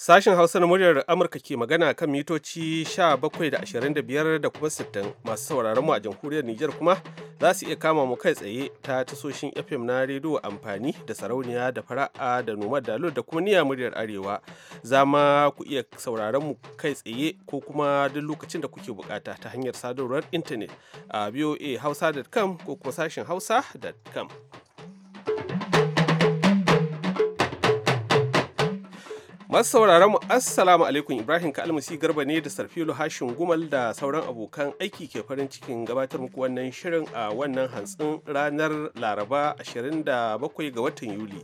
Sashen Hausa na muryar Amurka ke magana kan mitoci 17.25 da da kuma 60 masu sauraron mu a jamhuriyar Nijar kuma za su iya kama mu kai tsaye ta tasoshin FM na rediyo amfani da sarauniya da fara'a da noma dalo da kuma niya muryar Arewa. Za ma ku iya sauraron mu kai tsaye ko kuma duk lokacin da kuke bukata ta hanyar sadarwar intanet a voahausa.com ko kuma sashen hausa.com. Masu sauraron mu Assalamu alaikum Ibrahim ka garba ne da Sarfilu Hashin Gumal da sauran abokan aiki ke farin cikin gabatar muku wannan shirin a wannan hantsin ranar Laraba 27 ga watan Yuli.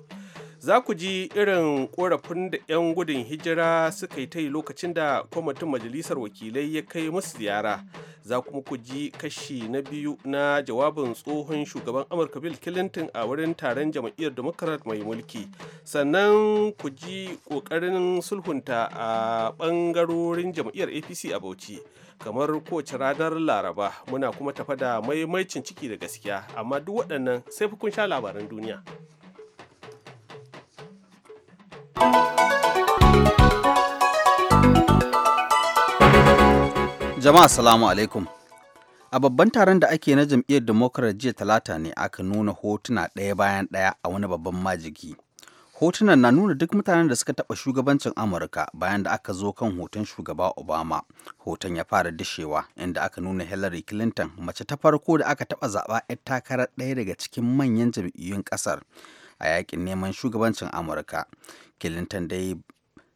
za ku ji irin korafin da 'yan gudun hijira suka yi ta yi lokacin da kwamitin majalisar wakilai ya kai musu ziyara za kuma ku ji kashi na biyu na jawabin tsohon shugaban amurka bill clinton a wurin taron jam'iyyar democrat mai mulki sannan ku ji kokarin sulhunta a bangarorin jam'iyyar apc a bauchi kamar kowace ranar laraba muna kuma tafa da maimaicin ciki da gaskiya amma duk waɗannan sai kun sha labaran duniya. Jama'a salamu alaikum. A babban taron da ake na jam'iyyar Democrat jiya talata ne aka nuna hotuna ɗaya bayan ɗaya a wani babban majigi. Hotunan na nuna duk mutanen da suka taɓa shugabancin Amurka bayan da aka zo kan hoton shugaba Obama. Hoton ya fara dishewa inda aka nuna Hillary Clinton mace ta farko da aka taɓa zaɓa 'yar takarar ɗaya daga cikin manyan jam'iyyun ƙasar. a yakin neman shugabancin amurka clinton dai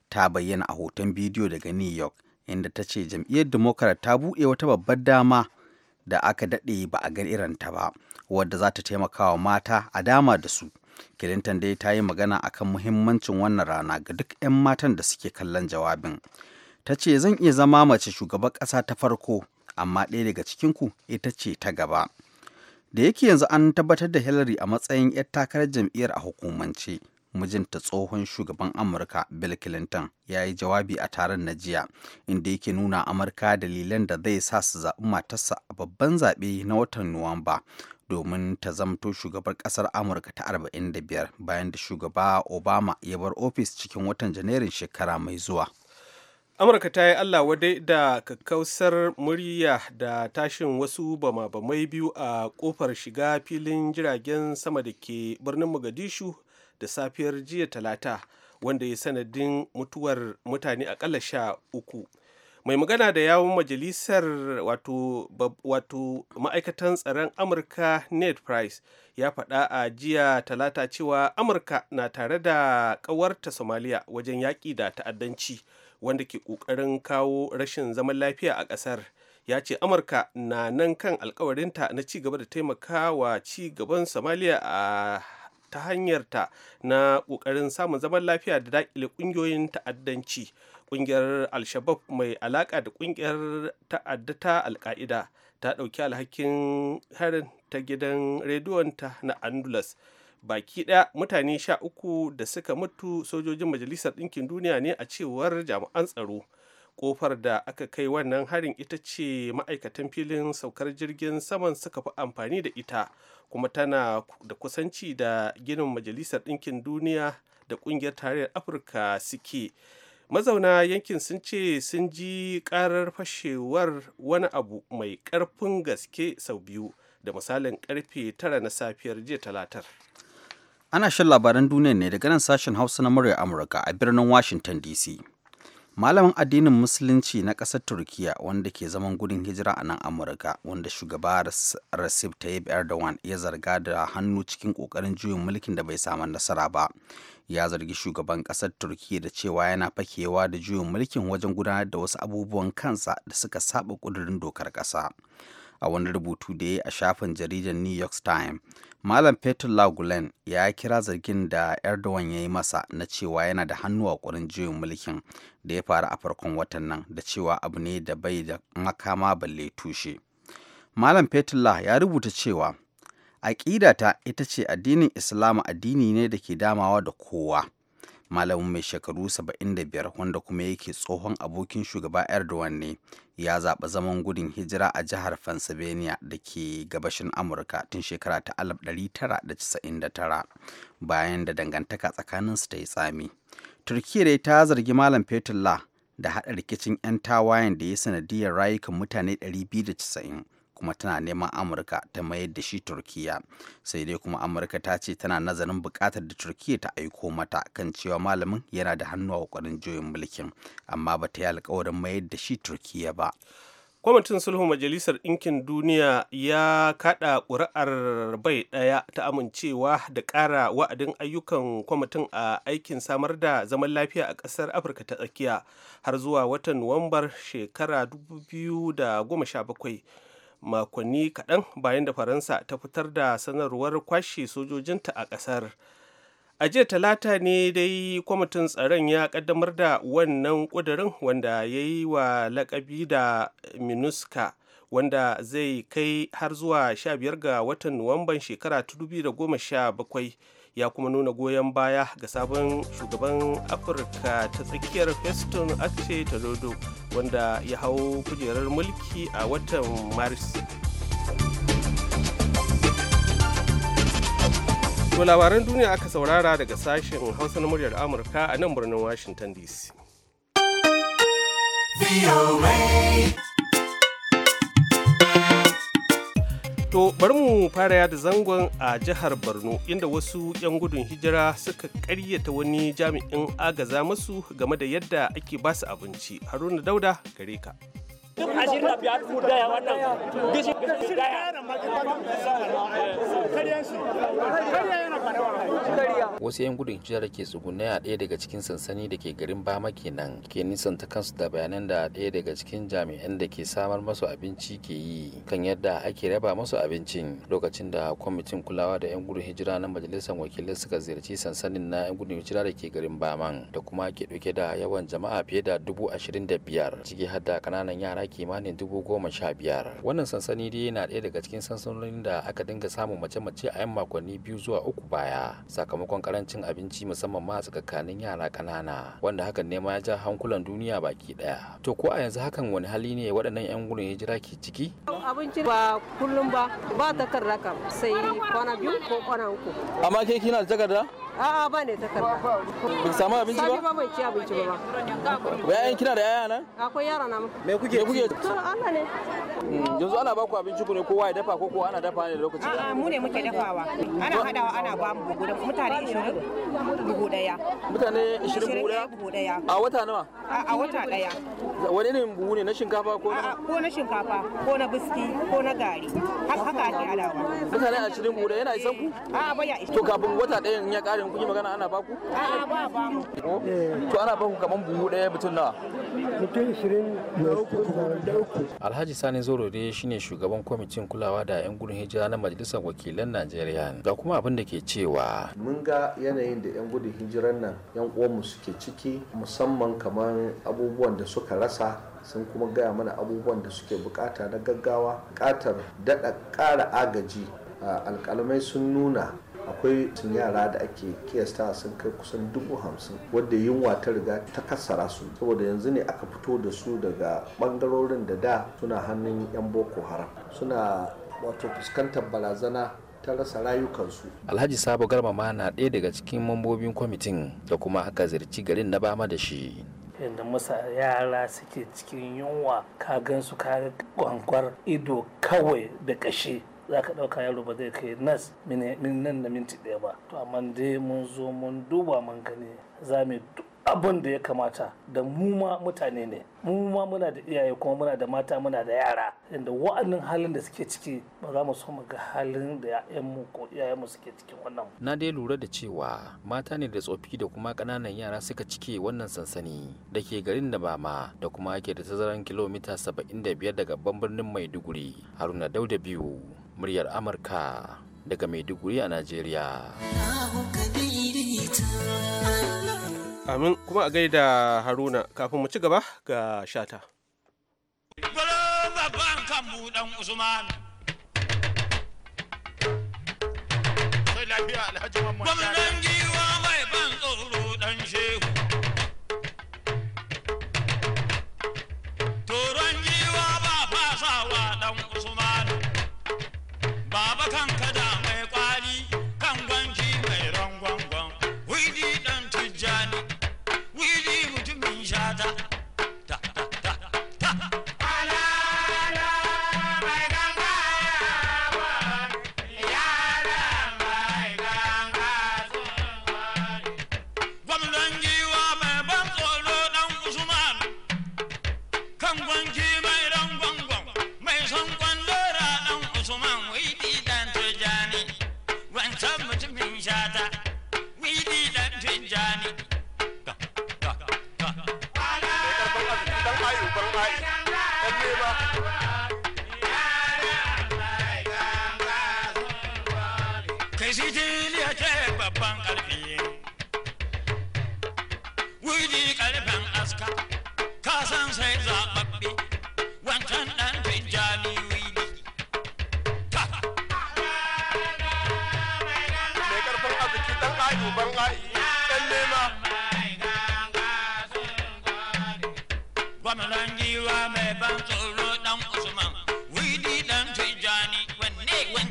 ta bayyana a hoton bidiyo daga new york inda ta ce jam'iyyar democrat ta buɗe wata babbar dama da aka daɗe ba a ga iranta ba wadda za ta taimaka wa mata a dama da su clinton dai ta yi magana akan muhimmancin wannan rana ga duk 'yan matan da suke kallon jawabin ta ce zan iya zama mace shugaban ƙasa ta farko amma ɗaya daga cikinku ita ce ta gaba da yake yanzu an tabbatar da hillary a matsayin 'yar takarar jam'iyyar a hukumance mijinta tsohon shugaban amurka bill clinton ya yi jawabi a taron na jiya inda yake nuna amurka dalilan da zai sa su zaɓi matarsa a babban zaɓe na watan nuwamba domin ta zamto shugabar ƙasar amurka ta 45 bayan da shugaba obama ya bar ofis cikin watan janairun shekara mai zuwa amurka ta yi allah wadai da kakkausar murya da tashin wasu bama-bamai biyu a kofar shiga filin jiragen sama da ke birnin mogadishu da safiyar jiya talata wanda ya sanadin mutuwar mutane akalla sha uku mai magana da yawon majalisar wato, ma'aikatan tsaron amurka ned price ya faɗa a jiya talata cewa amurka na tare da kawarta somaliya wajen yaƙi da ta'addanci wanda ke ƙoƙarin kawo rashin zaman lafiya a ƙasar ya ce amurka na nan kan alkawarinta na ci gaba da taimaka wa ci gaban ta a ta hanyarta na ƙoƙarin samun zaman lafiya da daƙile ƙungiyoyin ta'addanci ƙungiyar al-shabab mai alaƙa da ƙungiyar ta'adda ta alƙa'ida ta ɗauki alhakin harin ta gidan rediyonta na andulas. baki ɗaya mutane sha uku da suka mutu sojojin majalisar ɗinkin duniya ne a cewar jami'an tsaro kofar da aka kai wannan harin ita ce ma'aikatan filin saukar jirgin saman suka fi amfani da ita kuma tana da kusanci da ginin majalisar ɗinkin duniya da ƙungiyar tarayyar afirka suke mazauna yankin sun ce sun ji karar fashewar wani abu mai ƙarfin gaske sau biyu da misalin karfe tara na safiyar jiya talatar Ana shan labaran duniya ne daga nan sashen Hausa na murya Amurka a birnin Washington DC. Malamin addinin Musulunci na ƙasar Turkiya wanda ke zaman gudun hijira a nan Amurka wanda shugaba Recep Tayyip Erdogan ya zarga da hannu cikin ƙoƙarin juyin mulkin da bai samu nasara ba. Ya zargi shugaban ƙasar Turkiya da cewa yana fakewa da juyin mulkin wajen gudanar da wasu abubuwan kansa da suka saba ƙudurin dokar ƙasa. a wani rubutu da ya a shafin jaridar new york times malam peter lagulen ya kira zargin da erdogan ya yi masa na cewa yana da hannu a ƙurin juyin mulkin da ya faru a farkon watan nan da cewa abu ne da bai da makama balle tushe malam Fetullah ya rubuta cewa aƙidata ita ce addinin Islam addini ne da ke damawa da kowa malamin mai shekaru 75 wanda kuma yake tsohon abokin shugaba erdogan ne ya zaɓi zaman gudun hijira a jihar pennsylvania da ke gabashin amurka tun shekara ta 1999 bayan da dangantaka tsakaninsu ta yi tsami turkiyya dai ta zargi malam fetullah da haɗa rikicin 'yan tawayen da ya sanadiyar rayukan mutane 290 kuma tana neman amurka ta mayar da shi turkiya sai dai kuma amurka ta ce tana nazarin bukatar da turkiya ta aiko mata kan cewa malamin yana da hannu a kwarin juyin mulkin amma ba ta yi alkawarin mayar da shi turkiya ba kwamitin sulhu majalisar ɗinkin duniya ya kaɗa ƙuri'ar bai ɗaya ta amincewa da ƙara wa'adin ayyukan kwamitin a aikin samar da zaman lafiya a ƙasar afirka ta tsakiya har zuwa watan nuwambar shekara 2017 makonni kaɗan bayan da faransa ta fitar da sanarwar kwashe sojojinta a ƙasar a jiya talata ne dai kwamitin tsaron ya ƙaddamar da wannan ƙudurin wanda ya yi wa laƙabi da minuska wanda zai kai har zuwa 15 ga watan nuwamban shekara 2017 ya kuma nuna goyon baya ga sabon shugaban afirka ta tsakiyar feston ta dodo wanda ya hau kujerar mulki a watan maris to labaran duniya aka saurara daga sashen hausa na muryar amurka a nan birnin washington dc To bari mu fara yada zangon a jihar Borno inda wasu 'yan gudun hijira suka karyata wani jami'in agaza masu game da yadda ake basu abinci. Haruna Dauda gare ka. wasu yan gudun hijira ke tsugunne a ɗaya daga cikin sansani da ke garin bama kenan ke nisanta kansu da bayanan da ɗaya daga cikin jami'an da ke samar masu abinci ke yi kan yadda ake raba masu abincin lokacin da kwamitin kulawa da yan gudun hijira na majalisar wakilai suka ziyarci sansanin na yan gudun hijira da ke garin baman da kuma ke ɗauke da yawan jama'a fiye da dubu ashirin da biyar ciki har da ƙananan yara ana kimanin dubu goma sha biyar wannan sansani dai yana ɗaya daga cikin sansanonin da aka dinga samun mace-mace a yan makonni biyu zuwa uku baya sakamakon karancin abinci musamman ma tsakanin yara kanana wanda hakan ne ma ya ja hankulan duniya baki daya to ko a yanzu hakan wani hali ne waɗannan yan gudun hijira ke ciki abinci ba kullum ba ba ta karraka sai kwana biyu ko kwana uku amma ke kina da takarda A'a ba ne takarda. Ban samu abinci ba? Sabi ba ci abinci ba. Ba yayan kina da yaya nan? Akwai yara na mun. Me kuke kuke? To Allah ne. Hmm, yanzu ana ba ku abinci ku ne kowa ya dafa ko ko ana dafa ne lokaci? A'a mu ne muke dafawa. Ana hadawa ana ba mu bugu mutane 20 bugu daya. Mutane 20 bugu daya? A wata nawa? A wata daya. Wani ne buhu ne na shinkafa ko na? Ko na shinkafa ko na biski ko na gari. Haka ake hadawa. Mutane 20 bugu daya yana isan ku? A'a ba ya isa. To kafin wata daya ya kare idan kun yi magana ana A'a ba ba oh, To ana ku kaman buhu ɗaya mutum nawa? Mutum 23. Alhaji Sani Zoro ne shine shugaban kwamitin kulawa da 'yan gudun hijira na Majalisar Wakilan Najeriya. Ga kuma abin da ke cewa. Mun ga yanayin da 'yan gudun hijiran nan 'yan uwanmu suke ciki musamman kamar abubuwan da suka rasa sun kuma gaya mana abubuwan da suke bukata na gaggawa katar daɗa ƙara agaji alƙalmai sun nuna akwai sun yara da ake kiyasta sun kai kusan dubu hamsin wadda yunwa ta riga ta kassara su saboda yanzu ne aka fito da su daga bangarorin da da suna hannun 'yan boko haram suna wato fuskantar barazana ta rasa rayukansu. Alhaji Sabo Garba ma na ɗaya daga cikin mambobin kwamitin da kuma aka zirci garin na bama da shi. yadda masa yara suke cikin yunwa ka gan su ka gwangwar ido kawai da kashe za ka ɗauka yaro ba zai kai nas min nan da minti ɗaya ba to amma dai mun zo mun duba mun gani za mu duk abin da ya kamata da mu ma mutane ne mu ma muna da iyaye kuma muna da mata muna da yara inda wa'annan halin da suke ciki ba za mu so mu ga halin da ya'yanmu ko mu suke cikin wannan na dai lura da cewa mata ne da tsofi da kuma ƙananan yara suka cike wannan sansani da ke garin da ma da kuma ke da tazaran kilomita 75 daga babban birnin maiduguri haruna dauda biyu muryar amurka daga maiduguri a najeriya amin kuma a gaida haruna kafin mu ci gaba ga shata Gwamnan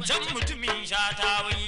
can mutumin sha ta wai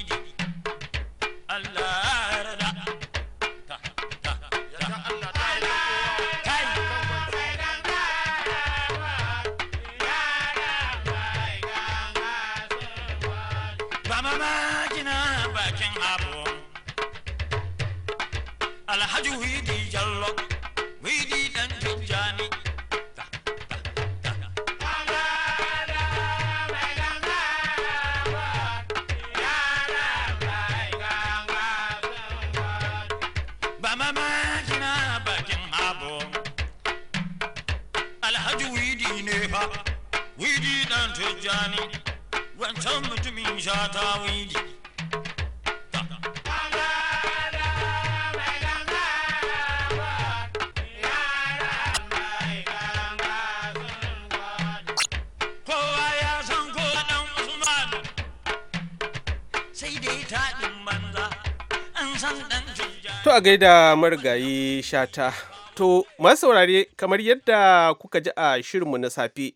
To a gaida marigayi shata. To, masu saurare kamar yadda kuka ji a shirinmu na safe,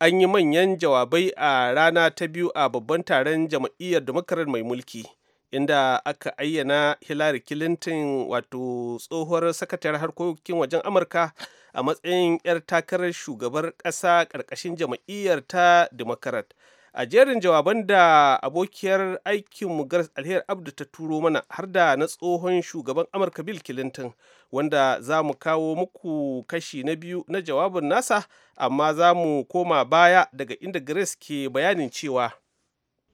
an yi manyan jawabai a rana ta biyu a babban taron jam'iyyar Democrat mai mulki, inda aka ayyana Hillary Clinton wato tsohuwar sakatar harkokin wajen Amurka a matsayin 'yar takarar shugabar ƙasa ƙarƙashin jam'iyyar ta Democrat. a jerin jawaban da abokiyar aikinmu garas alheri abdu ta turo mana har da na tsohon shugaban amurka bill clinton wanda za mu kawo muku kashi na biyu na jawabin nasa amma za mu koma baya daga inda grace ke bayanin cewa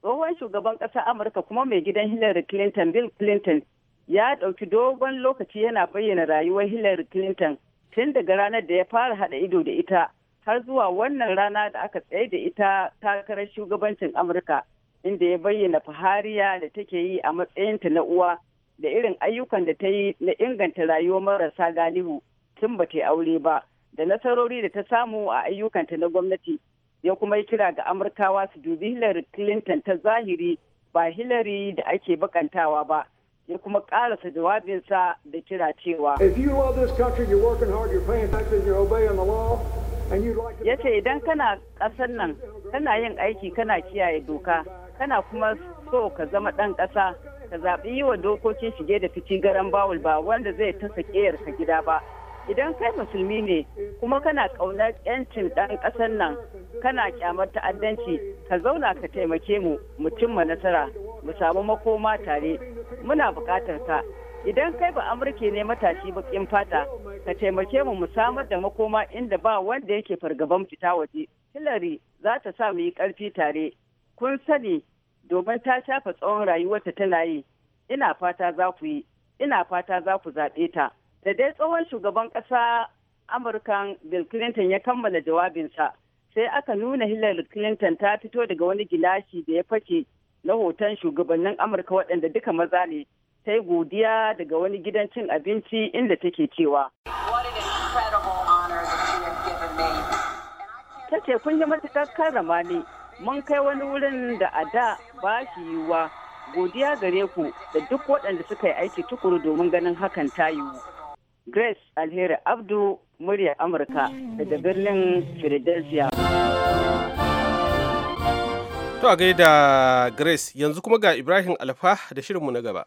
tsohon shugaban ƙasar amurka kuma mai gidan hillary clinton bill clinton ya ɗauki dogon lokaci yana bayyana rayuwar hillary clinton tun daga ranar da ya fara haɗa ido da ita har zuwa wannan rana da aka tsaye da ita takarar shugabancin amurka inda ya bayyana fahariya da take yi a matsayinta na uwa da irin ayyukan da ta yi na inganta rayuwar marasa galihu tun ba ta aure ba da nasarori da ta samu a ayyukanta na gwamnati ya kuma yi kira ga amurkawa su dubi hillary clinton ta zahiri ba hillary da ake bakantawa ba ya kuma karasa jawabinsa da kira cewa if you ya ce idan kana ƙasar nan kana yin aiki kana kiyaye doka kana kuma so ka zama ɗan ƙasa ka zaɓi yi wa dokokin shige da fici garan bawul ba wanda zai ta sakeyar ka gida ba idan kai musulmi ne kuma kana ƙaunar 'yancin ɗan ƙasar nan kana kyamar ta'addanci ka zauna ka taimake mu mu cimma nasara mu samu makoma tare muna buƙatar ka idan kai ba amurke ne matashi kin fata ka taimake mu mu samar da makoma inda ba wanda yake fargaban fita waje hillary za ta sa mu yi karfi tare kun sani domin ta shafa tsawon rayuwarta tana yi ina fata za ku yi ina fata za ku zaɓe ta da dai tsohon shugaban ƙasa amurkan bill clinton ya kammala jawabinsa sai aka nuna hillary clinton ta fito daga wani gilashi da ya fake na hoton shugabannin amurka waɗanda duka maza ne ta yi godiya daga wani gidan cin abinci inda take cewa. Ta ce kun yi matuƙar karrama ne, mun kai wani wurin da a da ba shi yiwuwa. Godiya gare ku da duk waɗanda suka yi aiki tukuru domin ganin hakan ta yiwu. Grace Alheri Abdu, murya Amurka daga birnin Philadelphia. To a gaida Grace yanzu kuma ga Ibrahim Alfa da shirinmu na gaba.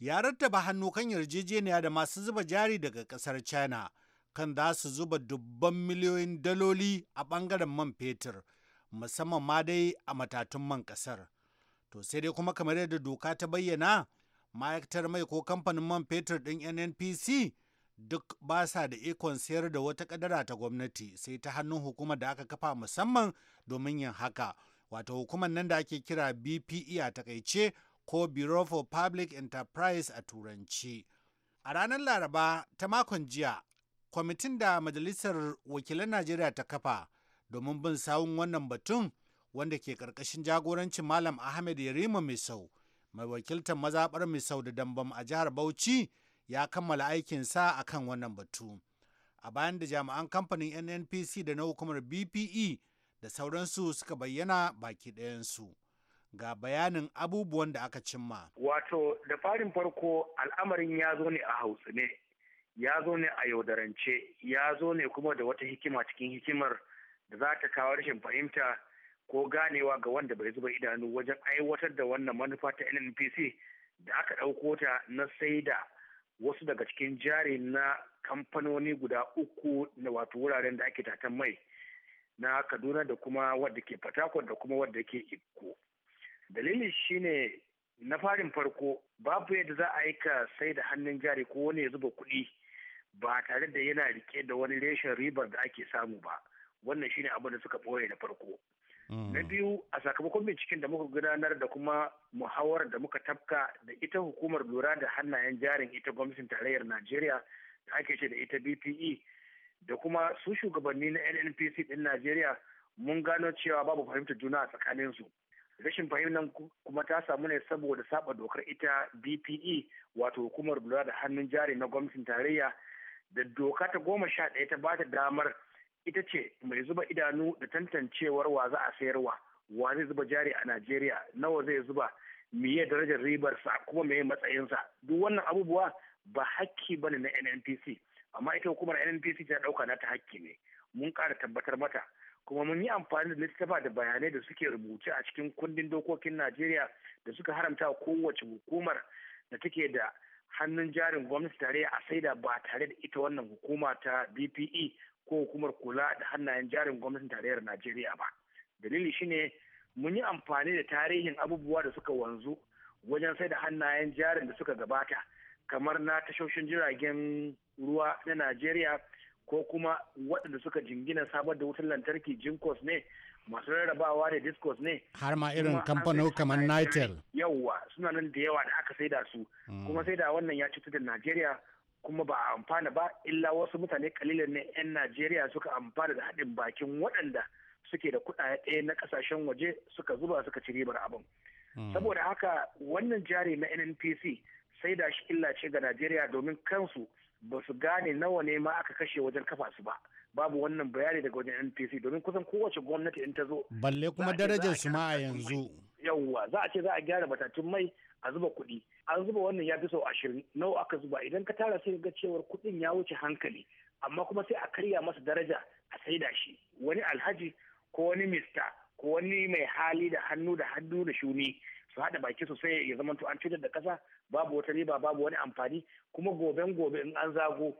ya rattaba hannu kan yarjejeniya da masu zuba jari daga kasar China kan za su zuba dubban miliyoyin daloli a bangaren man fetur musamman ma dai a matatun man kasar. To sai dai kuma kamar yadda doka ta bayyana ma'aikatar mai ko kamfanin man fetur ɗin NNPC duk ba sa da ikon sayar da wata kadara ta gwamnati sai ta hannun hukumar da aka kafa musamman domin yin haka. Wato hukumar nan da ake kira BPE a takaice ko Bureau for Public Enterprise a Turanci. A ranar Laraba ta makon jiya, kwamitin da Majalisar Wakilan Najeriya ta kafa domin bin sawun wannan batun wanda ke ƙarƙashin jagorancin Malam Ahmed Yarima Misau, mai wakiltar mazaɓar Misau da Dambam a jihar Bauchi ya kammala aikinsa a kan wannan batu. A bayan da jami'an kamfanin NNPC da na hukumar BPE da sauransu suka bayyana baki ɗayansu. ga bayanin abubuwan da aka cimma. Wato da farin farko al'amarin ya zo ne a hausa ne, ya zo ne a yaudarance, ya zo ne kuma da wata hikima cikin hikimar da za ta kawo rashin fahimta ko ganewa ga wanda bai zuba idanu wajen aiwatar da wannan manufa ta NNPC da aka ɗauko ta na saida wasu daga cikin jari na kamfanoni guda uku na wato wuraren da ake tatan mai na Kaduna da kuma wadda ke Fatakwal da kuma wadda ke Ikko. dalili shine na farin farko babu yadda za a yi ka sai da hannun jari ko wani ya zuba kuɗi ba tare da yana rike da wani reshen ribar da ake samu ba wannan shine abin da suka ɓoye na farko mm. na biyu a sakamakon binciken da muka gudanar da kuma muhawarar da muka tafka da ita hukumar lura da hannayen jarin ita gwamnatin tarayyar najeriya da ake ce da ita bpe da kuma su shugabanni na nnpc din najeriya mun gano cewa babu fahimtar juna a tsakaninsu rashin fahimtar kuma ta samu ne saboda saba dokar ita bpe wato hukumar lura da hannun jari na gwamnatin tarayya da doka ta goma sha ɗaya ta bata damar ita ce mai zuba idanu da tantancewar wa za a sayarwa wa zai zuba jari a najeriya nawa zai zuba miye darajar ribar sa kuma meye sa? duk wannan abubuwa ba hakki ba ne na nnpc amma ita hukumar nnpc ta ɗauka na ta hakki ne mun ƙara tabbatar mata kuma mun yi amfani da littafa da bayanai da suke rubuce a cikin kundin dokokin najeriya da suka haramta kowace hukumar da take da hannun jarin gwamnati tare a saida ba tare da ita wannan hukuma ta bpe ko hukumar kula da hannayen jarin gwamnatin tarayyar najeriya ba dalili shine mun yi amfani da tarihin abubuwa da suka wanzu wajen saida hannayen jarin da suka gabata kamar na tashoshin jiragen ruwa na najeriya ko kuma waɗanda suka jingina samar da wutar lantarki jinkos ne masu rarrabawa da discos ne har ma irin kamfano kamar nitel yawwa suna nan da yawa da aka saida su hmm. kuma sai da wannan ya cutar da najeriya kuma ba a amfana ba illa wasu mutane kalilan ne 'yan najeriya suka amfana da haɗin bakin waɗanda suke da kuɗaɗe na ƙasashen waje suka zuba suka ci ribar abin hmm. saboda haka wannan jari na nnpc sai da shi illa ce ga najeriya domin kansu ba su gane nawa ne ma aka kashe wajen kafa su ba babu wannan bayani daga wajen npc domin kusan kowace gwamnati in ta zo balle kuma darajar su ma a yanzu yawwa za a ce za a gyara batatun mai a zuba kuɗi an zuba wannan ya fi sau ashirin nawa aka zuba idan ka tara sai ga cewar kuɗin ya wuce hankali amma kuma sai a karya masa daraja a saida shi wani alhaji ko wani mista ko wani mai hali da hannu da hannu da shuni su haɗa baki sosai ya zama an cutar da ƙasa babu wata riba babu wani amfani kuma goben gobe in an zago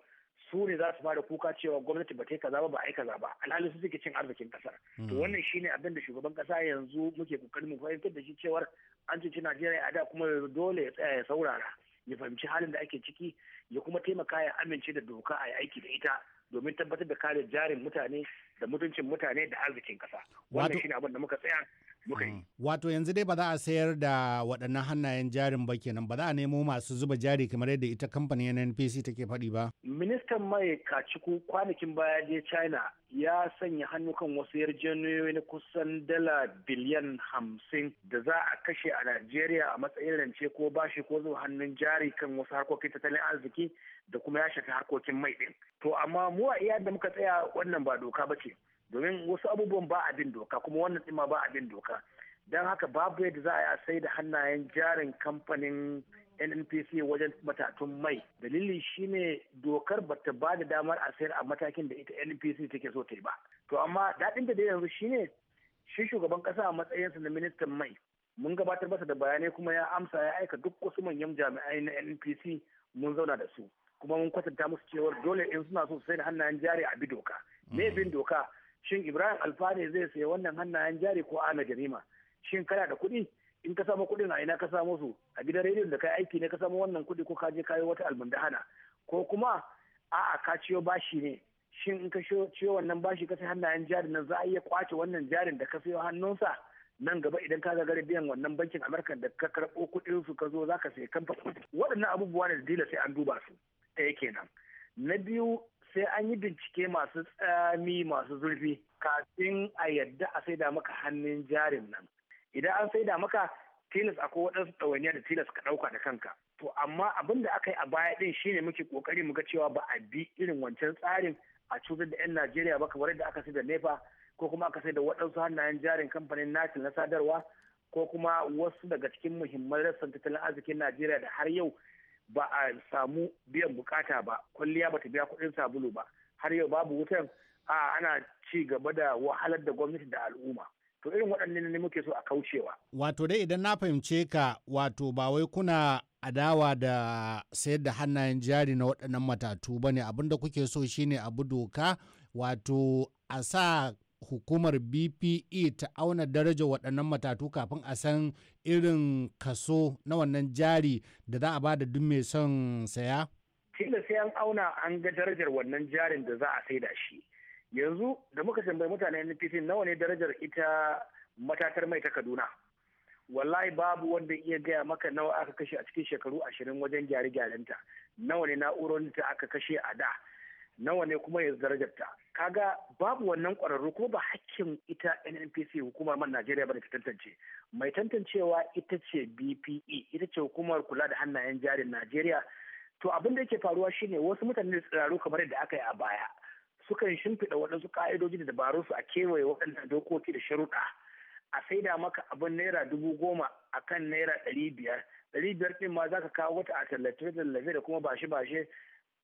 su ne za su fara kuka cewa gwamnati ba ta yi kaza ba ba a yi kaza ba alhali su suke cin arzikin kasar to hmm. wannan shine abin da shugaban kasa yanzu muke kokarin mu fahimtar da shi cewar an cici Najeriya a da kuma dole ya tsaya ya saurara ya fahimci halin da ake ciki ya kuma taimaka ya amince da doka a yi aiki da ita domin tabbatar da kare jarin mutane da mutuncin mutane da arzikin kasa wannan shine abin da muka tsaya Mm. Wato yanzu dai ba za a sayar da waɗannan hannayen jarin ba kenan ba za a nemo masu zuba jari kamar yadda ita kamfanin NNPC take faɗi ba. Ministan mai kaciku kwanakin baya je China ya sanya hannu kan wasu yarjejeniyoyi na kusan dala biliyan hamsin da za a kashe a Najeriya a matsayin rance ko bashi ko zuba hannun jari kan wasu harkokin tattalin arziki da kuma ya shafi harkokin mai ɗin. To amma mu a iya da muka tsaya wannan ba doka ba ce. domin wasu abubuwan ba abin doka kuma wannan ɗin ma ba abin doka don haka babu yadda za a yi a sai da hannayen jarin kamfanin nnpc wajen matatun mai dalili shine dokar bata ba da damar a sayar a matakin da ita nnpc take so ta yi ba to amma daɗin da yanzu shine shi shugaban ƙasa a matsayinsa na ministan mai mun gabatar masa da bayanai kuma ya amsa ya aika duk wasu manyan jami'ai na nnpc mun zauna da su kuma mun kwatanta musu cewar dole in suna so su sai da hannayen jari a bi doka me bin doka shin ibrahim alfani zai sayi wannan hannayen jari ko ana jarima shin kana da kuɗi in ka samu kuɗin a ina ka samu su a gidan rediyon da kai aiki ne ka samu wannan kuɗi ko ka je kayo wata almundahana ko kuma a'a ka ciyo bashi ne shin in ka ciyo wannan bashi ka sai hannayen jari na za a iya kwace wannan jarin da ka sayo hannunsa nan gaba idan ka gagare biyan wannan bankin amurka da ka karɓo kuɗin su ka zo za ka sai kamfani waɗannan abubuwa ne da dila sai an duba su ɗaya kenan na biyu sai an yi bincike masu tsami masu zurfi kafin a yadda a saida maka hannun jarin nan idan an saida maka tilas akwai waɗansu ɗawainiya da tilas ka ɗauka da kanka to amma abin da aka yi a baya ɗin shine muke ƙoƙari muga cewa ba a bi irin wancan tsarin a cutar da 'yan najeriya ba kamar yadda aka sai da nefa ko kuma aka sai da waɗansu hannayen jarin kamfanin natil na sadarwa ko kuma wasu daga cikin muhimman rassan tattalin arzikin najeriya da har yau ba a samu biyan bukata ba kwalliya ba ta biya kudin sabulu ba har yau babu wutan a ana ci gaba da wahalar da gwamnati da al'umma to irin waɗannan ne muke so a kaucewa wato dai idan na fahimce ka wato ba wai kuna adawa da sayar da hannayen jari na waɗannan matatu ba ne abinda kuke so shine a doka wato a sa hukumar bpe ta auna daraja waɗannan matatu kafin a san irin kaso na wannan jari da za a ba da duk mai son saya? Tilla sai an auna an ga darajar wannan jarin da za a sai da shi. Yanzu da muka tambayi mutane NPC nawa ne darajar ita matatar mai ta Kaduna. Wallahi babu wanda iya gaya maka nawa aka kashe a cikin shekaru ashirin wajen gyare-gyarenta. Nawa ne na'urorin ta aka kashe a da. nawa ne kuma ya ka kaga babu wannan kwararru kuma ba hakkin ita nnpc hukumar man najeriya ba da ta tantance mai tantancewa ita ce bpe ita ce hukumar kula da hannayen jarin najeriya to abin da yake faruwa shine wasu mutane tsiraru kamar yadda aka yi a baya sukan shimfiɗa waɗansu ƙa'idoji da dabaru su a kewaye waɗannan dokoki da sharuɗa a saida maka abin naira dubu goma akan naira ɗari biyar ɗari biyar ɗin ma za ka kawo wata a tallace tallafe da kuma bashe bashe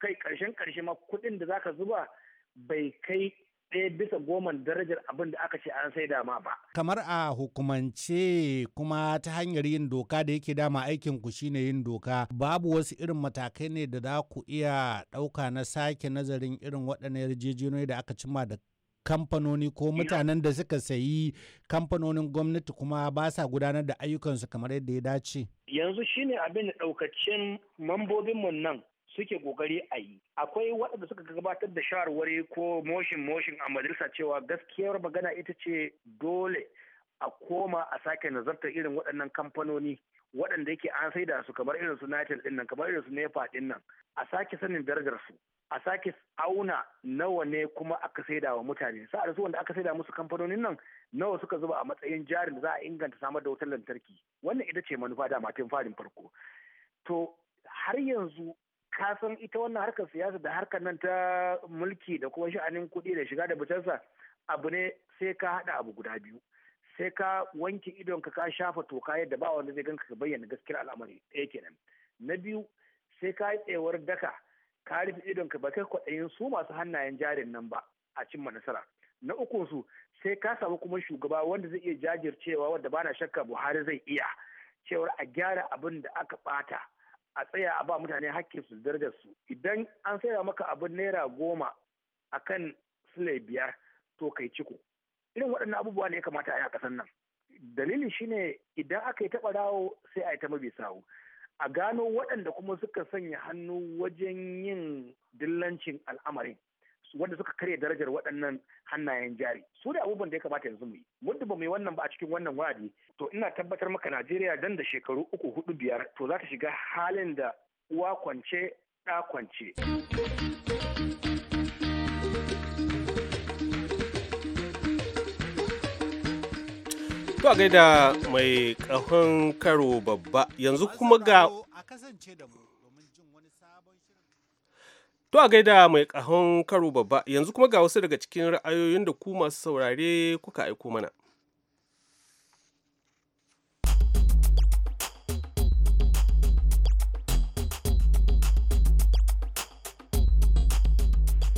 kai karshen karshe ma kuɗin da zaka zuba bai kai ɗaya bisa goman darajar abin da aka ce an sai dama ba. Kamar a hukumance kuma ta hanyar yin doka da yake dama aikin ku shine yin doka babu wasu irin matakai ne da za ku iya ɗauka na sake nazarin irin waɗannan yarjejeniyoyi da aka cimma da kamfanoni ko mutanen da suka sayi kamfanonin gwamnati kuma ba sa gudanar da ayyukansu kamar yadda ya dace. Yanzu shine abin da ɗaukacin mambobinmu nan suke kokari a yi akwai waɗanda suka gabatar da shawarwari ko moshin moshin a majalisa cewa gaskiyar magana ita ce dole a koma a sake nazartar irin waɗannan kamfanoni waɗanda yake an saida su kamar irin su Nitel din nan kamar irin su Nepa din nan a sake sanin darajar su a sake auna nawa ne kuma aka saida wa mutane sa'a su wanda aka saida musu kamfanonin nan nawa suka zuba a matsayin jarin da za a inganta samar da wutar lantarki wannan ita ce manufa da matin farin farko to har yanzu ka san ita wannan harkar siyasa da harkar nan ta mulki da kuma sha'anin kuɗi da shiga da fitarsa abu ne sai ka haɗa abu guda biyu sai ka wanke idon ka ka shafa toka yadda ba wanda zai ganka ka bayyana gaskiyar al'amari ɗaya kenan na biyu sai ka yi tsayawar daka ka rufe idon ka ba kai kwaɗayin su masu hannayen jarin nan ba a cimma nasara na ukun su sai ka samu kuma shugaba wanda zai iya jajircewa wanda bana shakka Buhari zai iya cewar a gyara abin da aka ɓata a tsaya a ba mutane hakkin su darajar su idan an saya maka abin naira goma akan sule biyar to kai ciko irin waɗannan abubuwa ne ya kamata a yi a ƙasar nan dalilin shine idan aka yi taɓa rawo sai a yi ta mabi sawu a gano waɗanda kuma suka sanya hannu wajen yin dillancin al'amarin wanda suka karya darajar waɗannan hannayen jari su da abubuwan da ya kamata yanzu mu yi muddin ba mu yi wannan ba a cikin wannan wa'adi to ina tabbatar maka Najeriya dan da shekaru uku hudu biyar to za ta shiga halin da uwa kwance ɗa kwance. To a gaida mai ƙahon karo babba yanzu kuma ga. To a gaida mai ƙahon karo babba yanzu kuma ga wasu daga cikin ra'ayoyin da ku masu saurare kuka aiko mana.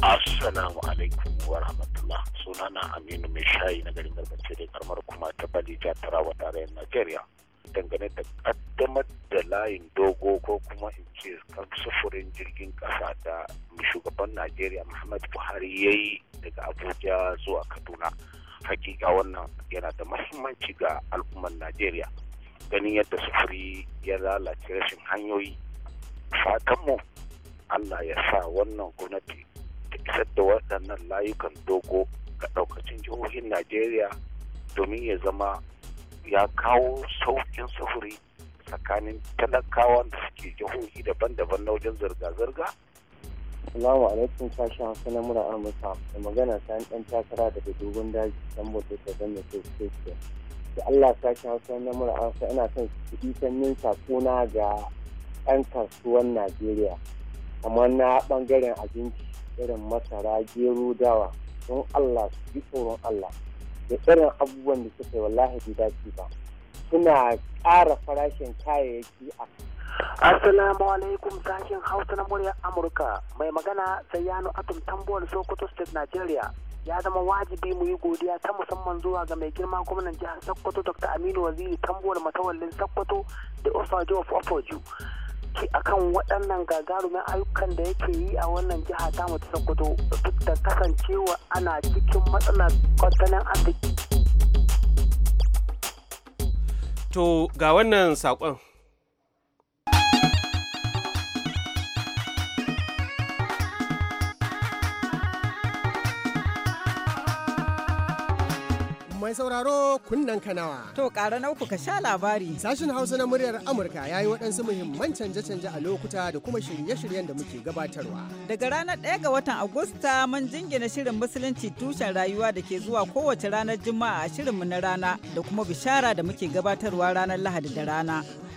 Assalamu alaikum wa rahmatullah sunana Aminu Mai Shayi na garin Garbace da karmar kuma ta Balija wa tarayyar Najeriya. dangane da kaddamar da layin dogo ko kuma in ce sufurin jirgin kasa da shugaban najeriya muhammad buhari ya yi daga abuja zuwa kaduna hakika wannan yana da mahimmanci ga al'ummar najeriya ganin yadda sufuri ya lalace rashin hanyoyi fatanmu allah ya sa wannan gwamnati ta isar da waɗannan layukan dogo ga ɗaukacin jihohin najeriya domin ya zama ya kawo sauƙin sufuri tsakanin talakawa da suke jihohi daban-daban na wajen zirga-zirga? Salamu alaikum sashen hausa na mura Amurka da magana ta ɗan takara daga dogon daji dan bauta ta zama ta ce da Allah sashi hausa na mura Amurka ina son su kuɗi sanyin sakona ga 'yan kasuwan Najeriya kamar na ɓangaren abinci irin masara gero dawa don Allah su ji tsoron Allah da irin abubuwan da suka yi wallahi bai dace ba suna ƙara farashin kayayyaki a Assalamu alaikum sashen Hausa na muryar Amurka mai magana Sayyano Atum Tambuwar Sokoto State Nigeria ya zama wajibi mu yi godiya ta musamman zuwa ga mai girma gwamnan jihar Sokoto Dr. Aminu Waziri Tambuwar Matawallin Sokoto da Osajo of opoju yake akan waɗannan gagarumin ayyukan da yake yi a wannan jiha ta mu ta Sokoto duk da kasancewa ana cikin matsalar tattalin arziki. To ga wannan sakon. mai sauraro kunnen kanawa. To ƙara na uku ka sha labari. Sashen Hausa na muryar Amurka ya yi waɗansu muhimman canje-canje a lokuta da kuma shirye-shiryen da muke gabatarwa. Daga ranar 1 ga watan Agusta mun jingina shirin musulunci tushen rayuwa da ke zuwa kowace ranar Juma'a a shirinmu na rana da kuma bishara da muke gabatarwa ranar Lahadi da rana.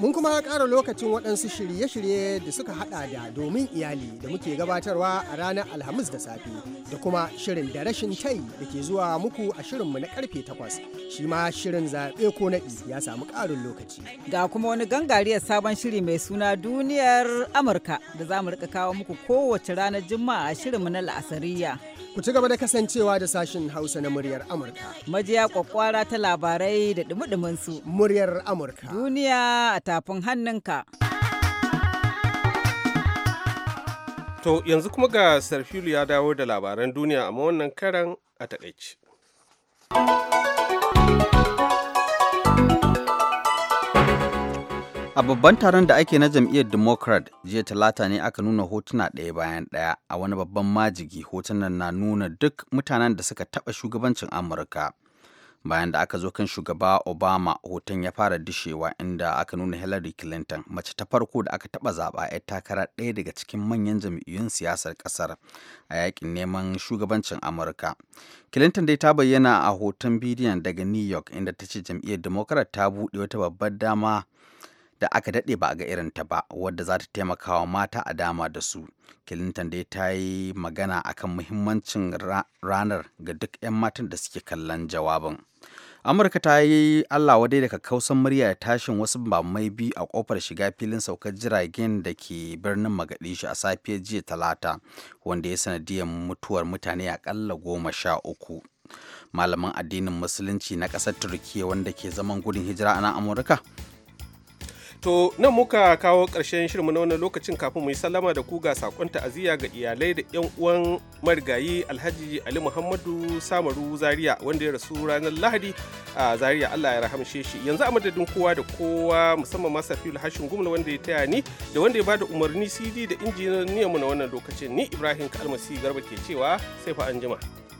Mun kuma ƙara lokacin waɗansu shirye-shirye da suka haɗa da domin iyali da muke gabatarwa a ranar Alhamis da safe da kuma shirin da rashin tai da ke zuwa muku a shirinmu na karfe takwas. Shi ma shirin zaɓe ko naɗi ya samu ƙarin lokaci. Ga kuma wani gangariyar sabon shiri mai suna duniyar Amurka da za mu rika kawo muku kowace ranar Juma'a a shirinmu na La'asariya. Ku ci gaba da kasancewa da sashin Hausa na muryar Amurka. Majiya kwakwara ta labarai da dumi su. Muryar Amurka. Duniya a tafin hannunka. To yanzu kuma ga Sarfilu ya dawo da labaran duniya amma wannan karan a takaici. A babban taron da ake na jam'iyyar Democrat jiya talata ne aka nuna hotuna ɗaya bayan ɗaya a wani babban majigi hotunan na nuna duk mutanen da suka taɓa shugabancin Amurka. bayan da aka zo kan shugaba obama hoton ya fara dishewa inda aka nuna hillary clinton mace ta farko da aka taba zaba 'yar takara ɗaya daga cikin manyan jam'iyyun siyasar ƙasar a yakin neman shugabancin amurka clinton dai ta bayyana a hoton bidiyon daga new york inda ta ce jam'iyyar democrat ta buɗe wata babbar dama da aka daɗe ba a ga ta ba wadda za ta taimaka wa mata a dama da su clinton dai ta yi magana akan muhimmancin ranar ga duk 'yan matan da suke kallon jawabin amurka ta yi allah wadai da kausan murya da tashin wasu bamai biyu a kofar shiga filin saukar jiragen da ke birnin magadishu a safiyar jiya talata wanda ya sanadiyar mutuwar mutane akalla goma sha uku malaman addinin musulunci na ƙasar Turkiyya wanda ke zaman gudun hijira a nan amurka To nan muka kawo ƙarshen shirinmu na wannan lokacin kafin mu yi sallama da ku ga sakon ta'aziyya ga iyalai da 'yan uwan marigayi Alhaji Ali Muhammadu Samaru Zaria wanda ya rasu ranar Lahadi a Zaria Allah ya rahamshe shi. Yanzu a madadin kowa da kowa musamman ma Safiul Hashin Gumla wanda ya taya ni da wanda ya bada umarni CD da injiniyan mu na wannan lokacin ni Ibrahim Kalmasi Garba ke cewa sai fa anjima.